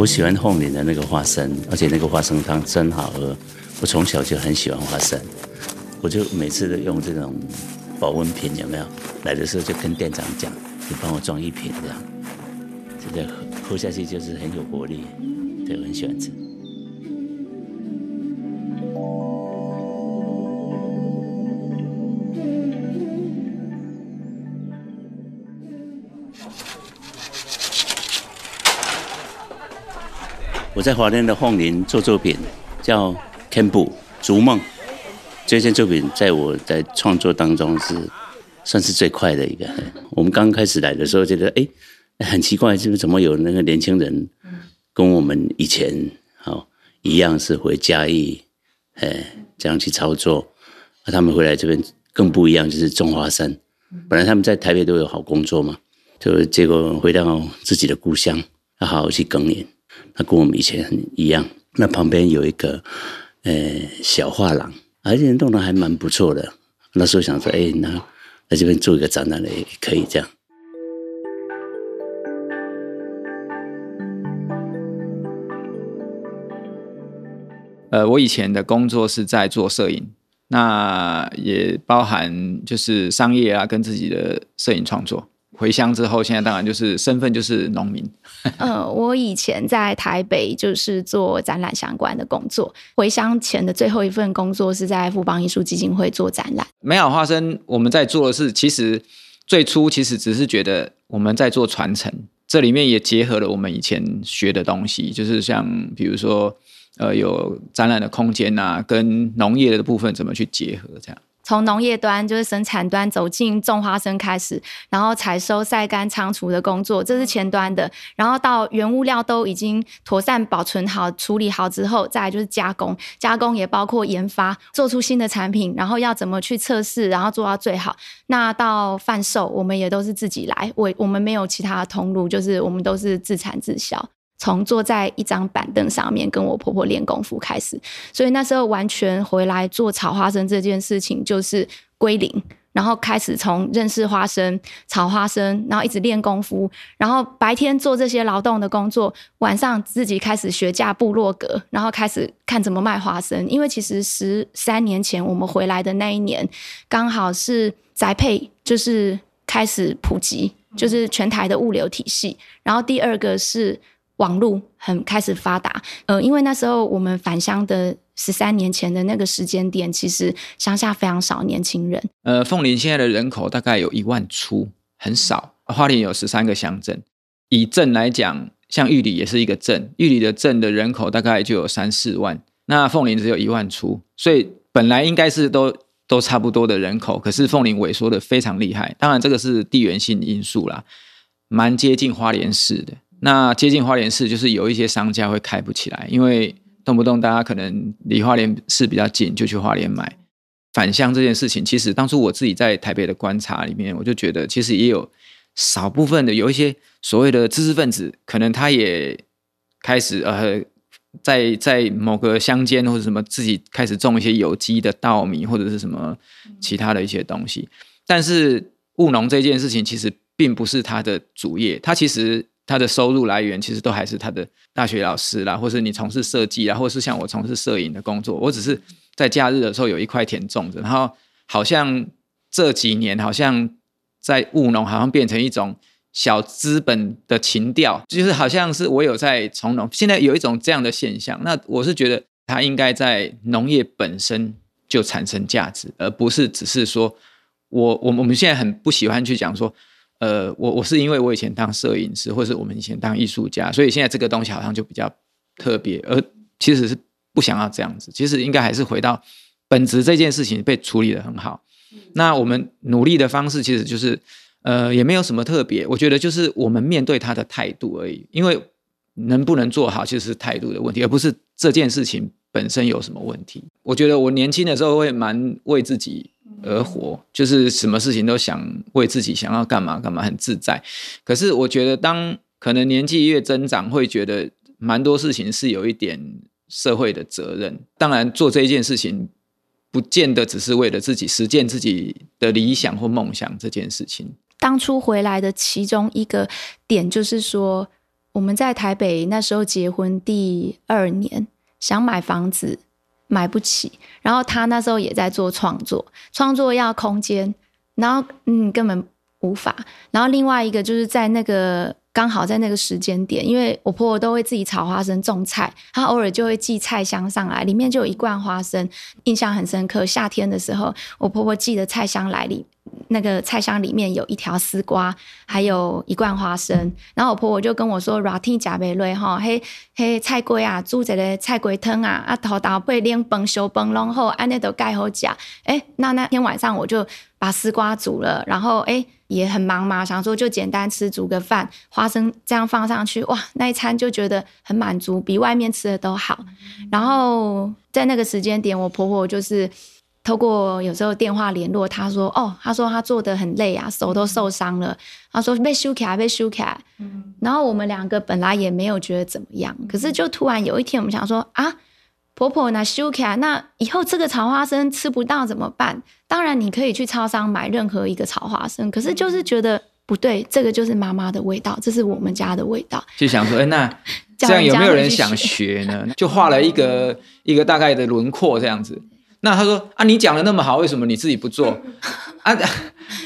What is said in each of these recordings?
我喜歡鳳林的那個花生，而且那個花生湯真好喝。我從小就很喜歡花生，我就每次都用這種保溫瓶，有沒有？來的時候就跟店長講，你幫我裝一瓶這樣。真的喝下去就是很有活力，對，我很喜歡吃。我在花蓮的鳳林做作品，叫《Kenbu 逐夢》。這件作品在我在創作當中是算是最快的一個。我們剛開始來的時候，覺得哎，很奇怪，就是怎麼有那個年輕人，跟我們以前好一樣是回嘉義，哎，這樣去操作。那他們回來這邊更不一樣，就是種花生。本來他們在台北都有好工作嘛。就結果回到自己的故鄉，要好好去耕耘。那跟我們以前很一樣，那旁邊有一個、欸、小畫廊，而、啊、且弄得還蠻不錯的。那時候想說，哎、欸，那在這邊做一個展覽，也可以這樣。呃，我以前的工作是在做攝影，那也包含就是商業啊，跟自己的攝影創作。回鄉之後，現在當然就是身份就是農民。 嗯、呃，我以前在台北就是做展覽相關的工作，回鄉前的最後一份工作是在富邦藝術基金會做展覽。美好花生，我們在做的是，其實最初其實只是覺得我們在做傳承，這裡面也結合了我們以前學的東西，就是像比如說，呃，有展覽的空間啊，跟農業的部分怎麼去結合這樣。從農業端就是生產端走進種花生開始，然後採收、曬乾、倉儲的工作，這是前端的。然後到原物料都已經妥善保存好、處理好之後，再來就是加工，加工也包括研發，做出新的產品，然後要怎麼去測試，然後做到最好。那到販售，我們也都是自己來，我我們沒有其他的通路，就是我們都是自產自銷。從坐在一張板凳上面跟我婆婆練功夫開始，所以那時候完全回來做炒花生這件事情就是歸零，然後開始從認識花生、炒花生，然後一直練功夫，然後白天做這些勞動的工作，晚上自己開始學架部落格，然後開始看怎麼賣花生。因為其實十三年前我們回來的那一年，剛好是宅配就是開始普及，就是全台的物流體系。然後第二個是。網絡很開始發達，呃，因為那時候我們返鄉的十三年前的那個時間點，其實鄉下非常少年輕人。呃，鳳林現在的人口大概有一萬出，很少。花蓮有十三個鄉鎮，以鎮來講，像玉里也是一個鎮，玉里的鎮的人口大概就有三四萬，那鳳林只有一萬出，所以本來應該是都都差不多的人口，可是鳳林萎縮的非常厲害。當然，這個是地緣性因素啦，蠻接近花蓮市的。那接近花蓮市，就是有一些商家會開不起來，因為動不動大家可能離花蓮市比較近，就去花蓮買。返鄉這件事情，其實當初我自己在台北的觀察裡面，我就覺得其實也有少部分的有一些所謂的知識分子，可能他也開始呃，在在某個鄉間或者什麼自己開始種一些有機的稻米或者是什麼其他的一些東西。但是務農這件事情其實並不是他的主業，他其實。他的收入來源其實都還是他的大學老師啦，或是你從事設計啦，或是像我從事攝影的工作。我只是在假日的時候有一塊田種着，然後好像這幾年好像在務農，好像變成一種小資本的情調，就是好像是我有在從農。現在有一種這樣的現象，那我是覺得它應該在農業本身就產生價值，而不是只是說我我我們現在很不喜歡去講說。呃，我我是因為我以前當攝影師，或是我們以前當藝術家，所以現在這個東西好像就比較特別，而其實是不想要這樣子。其實應該還是回到本職這件事情被處理得很好。那我們努力的方式其實就是，呃，也沒有什麼特別。我覺得就是我們面對他的態度而已，因為能不能做好其實是態度的問題，而不是這件事情本身有什麼問題。我覺得我年輕的時候會蠻為自己而活就是什麼事情都想為自己想要幹嘛幹嘛很自在，可是我覺得當可能年紀越增長，會覺得蠻多事情是有一點社會的責任。當然做這一件事情，不見得只是為了自己實踐自己的理想或夢想這件事情。當初回來的其中一個點就是說，我們在台北那時候結婚第二年想買房子。買不起，然後他那時候也在做創作，創作要空間，然後嗯根本無法。然後另外一個就是在那個剛好在那個時間點，因為我婆婆都會自己炒花生、種菜，她偶爾就會寄菜箱上來，裡面就有一罐花生，印象很深刻。夏天的時候，我婆婆寄的菜箱來裡。那個菜箱裡面有一條絲瓜，還有一罐花生。然後我婆婆就跟我說，r a t i 加貝瑞哈，嘿嘿，菜龜啊，煮這的菜龜湯啊，啊，頭到背，連崩小崩然後，安內都蓋好假。哎，那那天晚上我就把絲瓜煮了，然後哎也很忙嘛，想說就簡單吃，煮個飯，花生這樣放上去，哇，那一餐就覺得很滿足，比外面吃的都好。然後在那個時間點，我婆婆就是。透過有時候電話聯絡，他說：“哦，他說他做得很累啊，手都受傷了。他說被修卡被修卡，嗯。然後我們兩個本來也沒有覺得怎麼樣，可是就突然有一天，我們想說啊，婆婆那修卡，那以後這個炒花生吃不到怎麼辦？當然你可以去超商買任何一個炒花生，可是就是覺得不對，這個就是媽媽的味道，這是我們家的味道。就想說，哎 那這樣有沒有人想學呢？就畫了一個 一個大概的輪廓，這樣子。”那他說啊，你講的那麼好，為什麼你自己不做啊？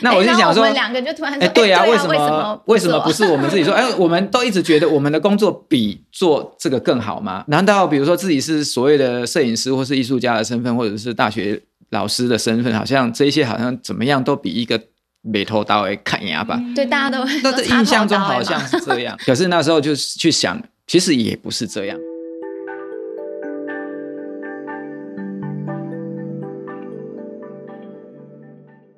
那我就想說，哎、欸欸，對啊，為什麼為什麼，為什麼不是我們自己說？哎、欸，我們都一直覺得我們的工作比做這個更好嗎？難道比如說自己是所謂的攝影師或是藝術家的身份，或者是大學老師的身份，好像這些好像怎麼樣都比一個美頭刀來看牙吧。嗯、對，大家都那這印象中好像是這樣。 可是那時候就是去想，其實也不是這樣。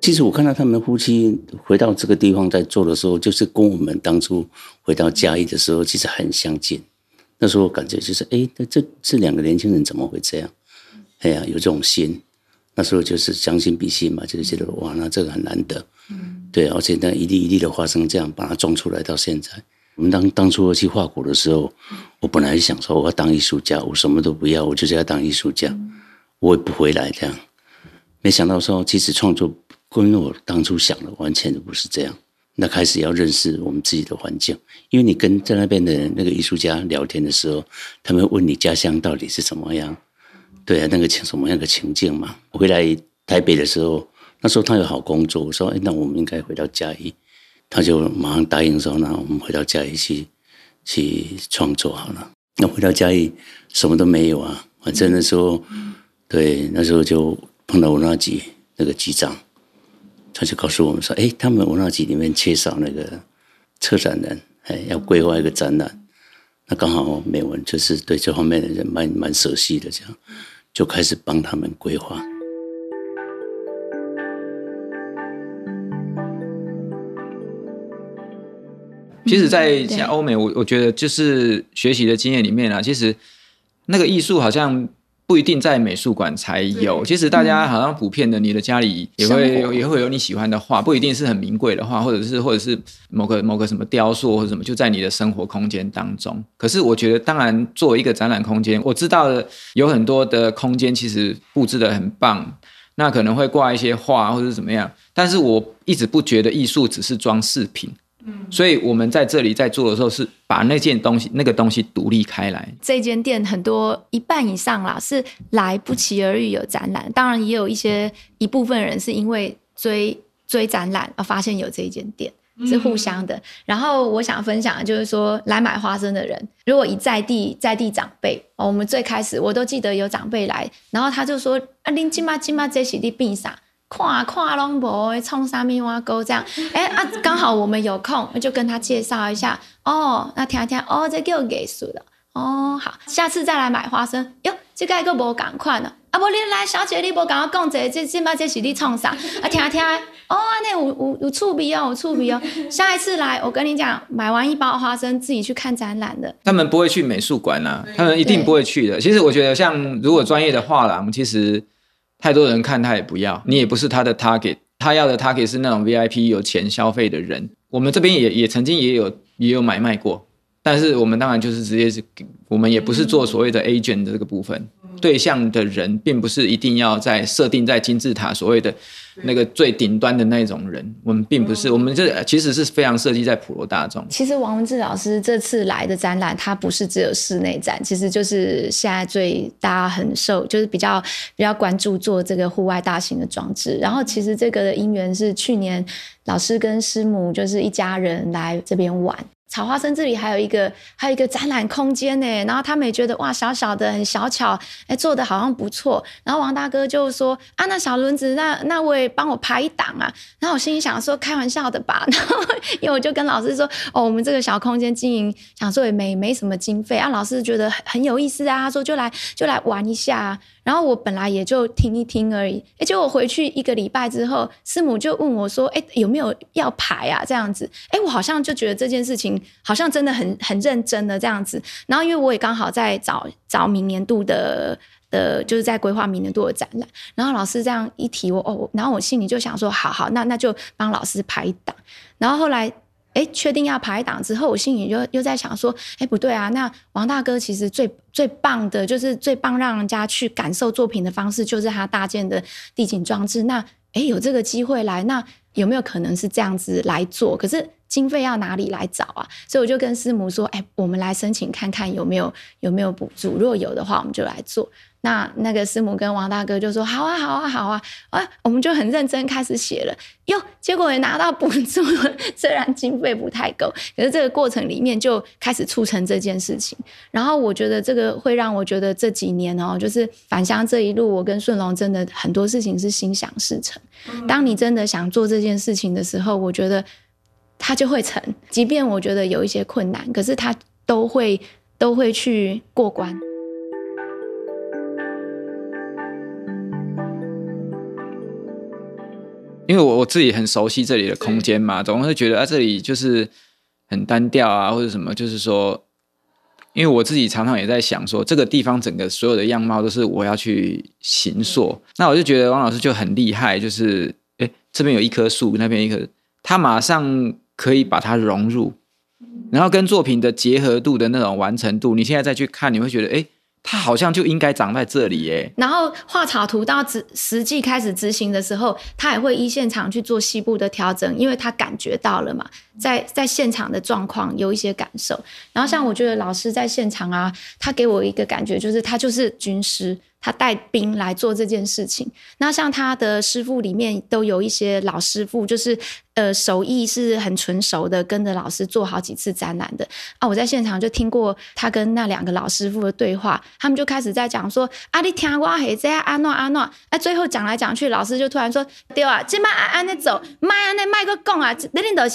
其實我看到他們夫妻回到這個地方在做的時候，就是跟我們當初回到嘉義的時候，其實很相近。那時候我感覺就是，哎，這這兩個年輕人怎麼會這樣？哎呀，有這種心。那時候就是將心比心嘛，就是覺得哇，那這個很難得、嗯。對，而且那一粒一粒的花生這樣把它種出來，到現在，我們當當初去畫骨的時候，我本來想說我要當藝術家，我什麼都不要，我就是要當藝術家，我也不回來這樣。沒想到說，其實創作。因為我當初想的完全不是這樣。那開始要認識我們自己的環境，因為你跟在那邊的那個藝術家聊天的時候，他們問你家鄉到底是怎麼樣？對啊，那個情什麼樣的情境嘛？我回來台北的時候，那時候他有好工作，我說：“哎，那我們應該回到嘉義，他就馬上答應說：“那我們回到嘉義去去創作好了。”那回到嘉義什麼都沒有啊，反正那時候，對，那時候就碰到我那幾那個局長。他就告訴我們說：“哎、欸，他們文化局裡面缺少那個策展人，哎、欸，要規劃一個展覽。那剛好美文就是對這方面的人蠻蠻熟悉的，這樣就開始幫他們規劃、嗯嗯。其實，在像歐美，我我覺得就是學習的經驗裡面啊，其實那個藝術好像。”不一定在美術館才有。其實大家好像普遍的，你的家裡也會有也會有你喜歡的畫，不一定是很名貴的畫，或者是或者是某個某個什麼雕塑或者什麼，就在你的生活空間當中。可是我覺得，當然作為一個展覽空間，我知道的有很多的空間其實佈置得很棒，那可能會掛一些畫或者怎麼樣。但是我一直不覺得藝術只是裝飾品。所以，我們在這裡在做的時候，是把那件東西、那個東西獨立開來。這間店很多一半以上啦，是來不期而遇有展覽、嗯，當然也有一些一部分人是因為追追展覽而發現有這一間店，是互相的、嗯。然後我想分享就是說，來買花生的人，如果一在地在地長輩，哦，我們最開始我都記得有長輩來，然後他就說啊，你今嘛今嘛，這是你病啥？看啊看攏、啊、無，創啥物碗糕這樣？哎、欸、啊，剛好我們有空，就跟他介紹一下哦。那、啊、聽聽哦，這叫藝術的哦。好，下次再來買花生，喲，這下個無共款了。啊，無你來，小姐，你無跟我講這，下，這這嘛這是你創啥？啊，聽聽哦，那有，有，有，趣味哦，我趣味哦。下一次來，我跟你講，買完一包花生，自己去看展覽的。他們不會去美術館啊，他們一定不會去的。其實我覺得，像如果專業的畫廊，其實。太多人看他也不要，你也不是他的 target，他給他要的他 target 是那種 VIP 有錢消費的人。我們這邊也也曾經也有也有買賣過，但是我們當然就是直接是，我們也不是做所謂的 agent 的這個部分。嗯對象的人並不是一定要在設定在金字塔所謂的那個最頂端的那種人，我們並不是，我們這其實是非常設計在普羅大眾。其實王文志老師這次來的展覽，他不是只有室內展，其實就是現在最大家很受，就是比較比較關注做這個戶外大型的裝置。然後其實這個的因緣是去年老師跟師母就是一家人來這邊玩。炒花生這裡還有一個，還有一個展覽空間呢。然後他們也覺得哇，小小的很小巧，哎、欸，做的好像不錯。然後王大哥就說啊，那小輪子，那那位幫我排一檔啊。然後我心裡想說，開玩笑的吧。然後因為我就跟老師說，哦，我們這個小空間經營，想說也沒沒什麼經費啊。老師覺得很很有意思啊，他說就來就來玩一下。然後我本來也就聽一聽而已，欸、結果我回去一個禮拜之後，師母就問我說：“哎、欸，有沒有要排啊？”這樣子，哎、欸，我好像就覺得這件事情好像真的很很認真的這樣子。然後因為我也剛好在找找明年度的呃，就是在規劃明年度的展覽。然後老師這樣一提我哦，然後我心裡就想說：“好好，那那就幫老師排一檔。”然後後來。哎、欸，確定要排檔之後，我心裡就又，又在想說，哎、欸，不對啊，那王大哥其實最最棒的，就是最棒讓人家去感受作品的方式，就是他搭建的地景裝置。那哎、欸，有這個機會來，那有沒有可能是這樣子來做？可是。經費要哪裡來找啊？所以我就跟師母說：“哎、欸，我們來申請看看有沒有有沒有補助，若有的話，我們就來做。”那那個師母跟王大哥就說：“好啊，好啊，好啊！”啊，我們就很認真開始寫了。喲，結果也拿到補助了。雖然經費不太夠，可是這個過程裡面就開始促成這件事情。然後我覺得這個會讓我覺得這幾年哦、喔，就是返鄉這一路，我跟順龍真的很多事情是心想事成、嗯。當你真的想做這件事情的時候，我覺得。他就會成，即便我覺得有一些困難，可是他都會都會去過關。因為我我自己很熟悉這裡的空間嘛，是總是覺得啊，這裡就是很單調啊，或者什麼，就是說，因為我自己常常也在想說，這個地方整個所有的樣貌都是我要去形塑。那我就覺得王老師就很厲害，就是，哎、欸，這邊有一棵樹，那邊一棵，他馬上。可以把它融入，然後跟作品的結合度的那種完成度，你現在再去看，你會覺得，誒，它好像就應該長在這裡耶。然後畫草圖到實實際開始執行的時候，他也會依現場去做細部的調整，因為他感覺到了嘛，在在現場的狀況有一些感受。然後像我覺得老師在現場啊，他給我一個感覺就是他就是軍師。他帶兵來做這件事情。那像他的師傅裡面都有一些老師傅，就是呃手藝是很純熟的，跟着老師做好幾次展覽的啊。我在現場就聽過他跟那兩個老師傅的對話，他們就開始在講說：“啊，你聽我還在啊，那啊那。”哎，最後講來講去，老師就突然說：“對啊，今嘛按呢走，莫按呢莫閣講啊，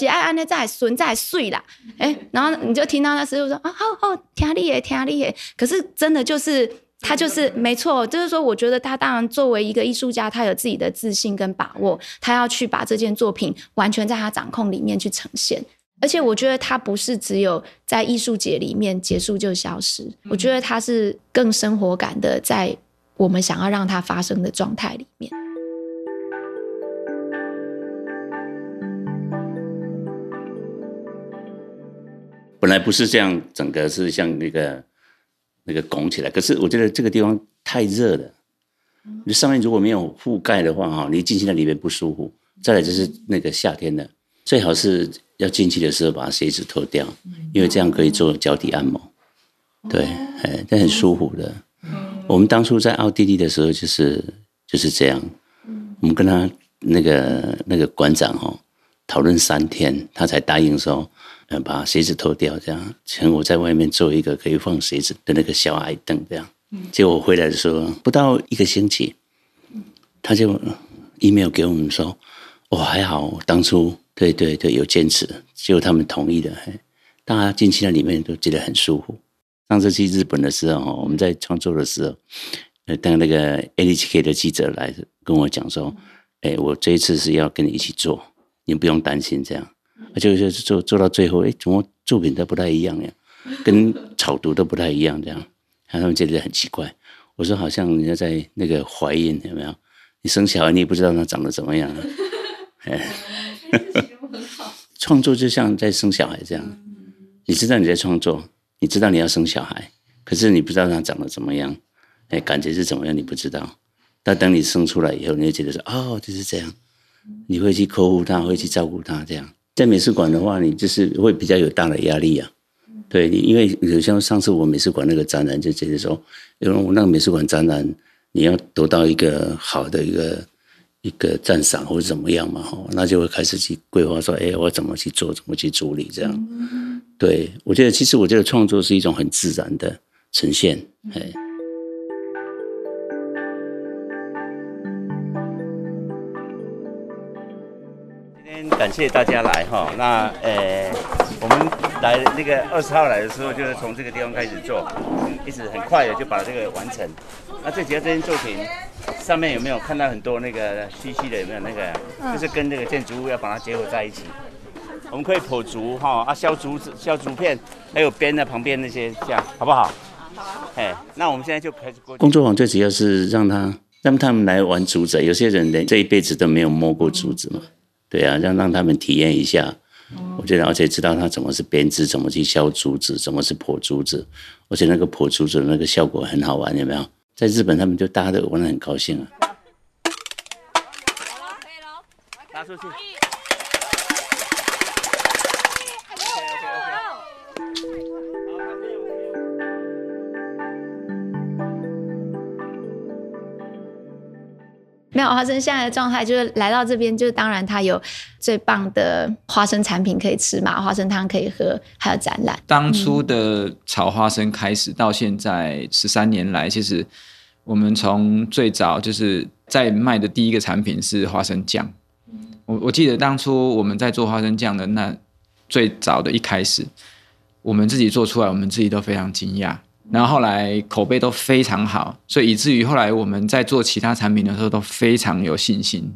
哎，按呢在順，在媠啦欸。”哎，然後你就聽到那師傅說：“啊，好好聽你耶，聽你耶。”可是真的就是。他就是沒錯，就是說，我覺得他當然作為一個藝術家，他有自己的自信跟把握，他要去把這件作品完全在他掌控裡面去呈現。而且，我覺得他不是只有在藝術節裡面結束就消失，我覺得他是更生活感的，在我們想要讓它發生的狀態裡面。本來不是這樣，整個是像那個。那個拱起來，可是我覺得這個地方太熱了。你上面如果沒有覆蓋的話，哈，你進去那裡面不舒服。再來就是那個夏天的，最好是要進去的時候把鞋子脫掉，因為這樣可以做腳底按摩。對，哎、欸，這很舒服的。我們當初在奧地利的時候，就是就是這樣。我們跟他那個那個館長哈、喔，討論三天，他才答應說。把鞋子脫掉，這樣請我在外面做一個可以放鞋子的那個小矮凳，這樣、嗯。結果我回來的時候，不到一個星期，他就 email 給我們說：“我還好，當初對對對有堅持，結果他們同意的。嘿，大家進去那裡面都覺得很舒服。上次去日本的時候，我們在創作的時候，呃，當那個 NHK 的記者來跟我講說：‘哎、欸，我這一次是要跟你一起做，你不用擔心這樣。’就是做做到最後，哎，怎麼作品都不太一樣，呀，跟草圖都不太一樣，這樣，然後他們覺得很奇怪。我說，好像人家在那個懷孕，有沒有？你生小孩，你也不知道他長得怎麼樣啊、 哎哎。創作就像在生小孩這樣，你知道你在創作，你知道你要生小孩，可是你不知道他長得怎麼樣，哎，感覺是怎麼樣，你不知道。但等你生出來以後，你就覺得說，哦，就是這樣。你會去呵護他，會去照顧他，這樣。在美術館的話，你就是會比較有大的壓力啊。對，你因為有像上次我美術館那個展覽，就直接說，因為我那個美術館展覽，你要得到一個好的一個一個讚賞或者怎麼樣嘛，那就會開始去規劃說，哎、欸，我怎麼去做，怎麼去處理這樣。對，我覺得，其實我覺得創作是一種很自然的呈現，哎。感謝大家來哈。那呃、欸，我們來那個二十號來的時候，就是從這個地方開始做，一直很快的就把這個完成。那最主要這幾件作品上面有沒有看到很多那個細細的？有沒有那個？就是跟那個建築物要把它結合在一起。我們可以剖竹哈，啊，削竹子、削竹片，還有編在旁邊那些像，這樣好不好？好。哎、欸，那我們現在就開始工作坊。最主要是讓他讓他們來玩竹子，有些人的這一輩子都沒有摸過竹子嘛。對啊，讓讓他們體驗一下，嗯，我覺得，而且知道他怎麼是編織，怎麼去削竹子，怎麼是破竹子，而且那個破竹子的那個效果很好玩，有沒有？在日本，他們就大家都玩的很高興啊。沒有，花生現在的狀態就是來到這邊，就是當然它有最棒的花生產品可以吃嘛，花生湯可以喝，還有展覽。當初的炒花生開始到現在十三年來，嗯，其實我們從最早就是在賣的第一個產品是花生醬。嗯，我我記得當初我們在做花生醬的那最早的一開始，我們自己做出來，我們自己都非常驚訝。然後後來口碑都非常好，所以以至於後來我們在做其他產品的時候都非常有信心。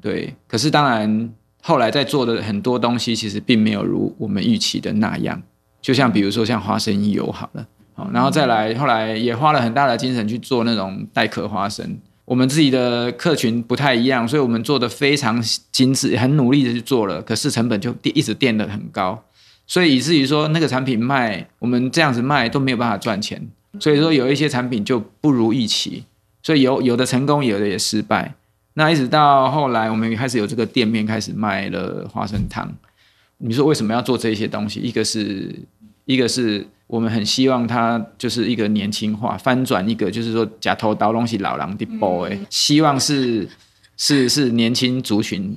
對。可是當然後來在做的很多東西，其實並沒有如我們預期的那樣。就像比如說像花生油好了，好，然後再來後來也花了很大的精神去做那種帶殼花生。我們自己的客群不太一樣，所以我們做的非常精緻，很努力的去做了，可是成本就一直墊得很高。所以以至於說那個產品賣，我們這樣子賣都沒有辦法賺錢。所以說有一些產品就不如預期，所以有有的成功，有的也失敗。那一直到後來，我們開始有這個店面開始賣了花生湯。你說為什麼要做這些東西？一個是一個是我們很希望它就是一個年輕化，翻轉一個就是說吃土豆都是老人在吃的，希望是是是年輕族群。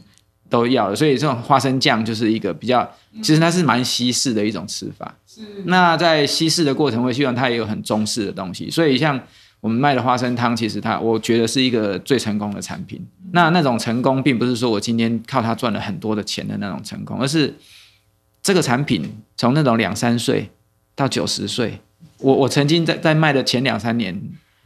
都要的，所以這種花生醬就是一個比較，其實它是蠻西式的一種吃法。是。那在西式的過程，我希望它也有很中式的東西。所以像我們賣的花生湯，其實它我覺得是一個最成功的產品。那那種成功，並不是說我今天靠它賺了很多的錢的那種成功，而是這個產品從那種兩三歲到九十歲，我我曾經在在賣的前兩三年，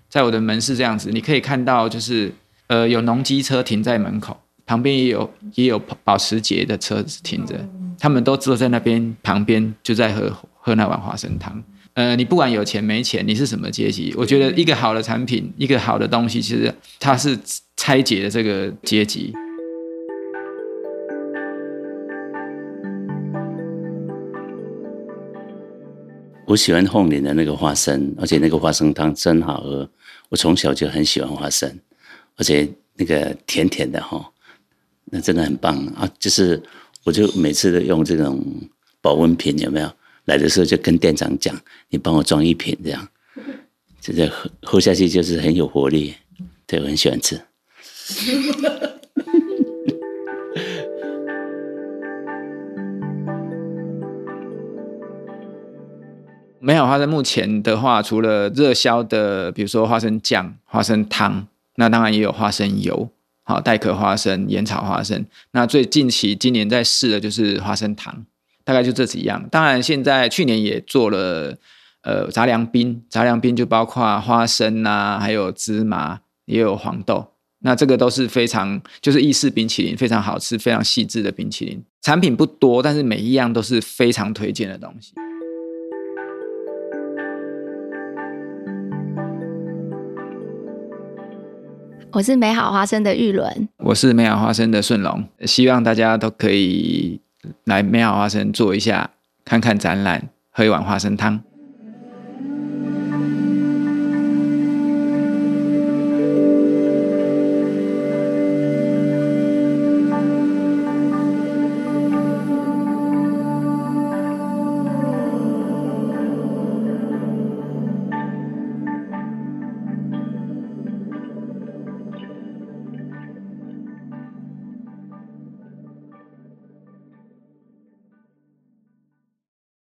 在我的門市這樣子，你可以看到就是呃有農機車停在門口。旁邊也有也有保保時捷的車子停着，他們都坐在那邊旁邊，就在喝喝那碗花生湯。呃，你不管有錢沒錢，你是什麼階級？我覺得一個好的產品，一個好的東西，就是，其實它是拆解的這個階級。我喜歡鳳林的那個花生，而且那個花生湯真好喝。我從小就很喜歡花生，而且那個甜甜的哈。那真的很棒啊！就是我就每次都用這種保溫瓶，有沒有？來的時候就跟店長講，你幫我裝一瓶這樣，現在喝喝下去就是很有活力，對，我很喜歡吃。 美好花生目前的話，除了熱銷的，比如說花生醬、花生湯，那當然也有花生油。好，帶殼花生、鹽炒花生。那最近期今年在試的就是花生糖，大概就這幾樣。當然，現在去年也做了呃雜糧冰，雜糧冰就包括花生啊，還有芝麻，也有黃豆。那這個都是非常就是意式冰淇淋，非常好吃、非常細緻的冰淇淋。產品不多，但是每一樣都是非常推薦的東西。我是美好花生的郁倫，我是美好花生的順龍，希望大家都可以來美好花生坐一下，看看展覽，喝一碗花生湯。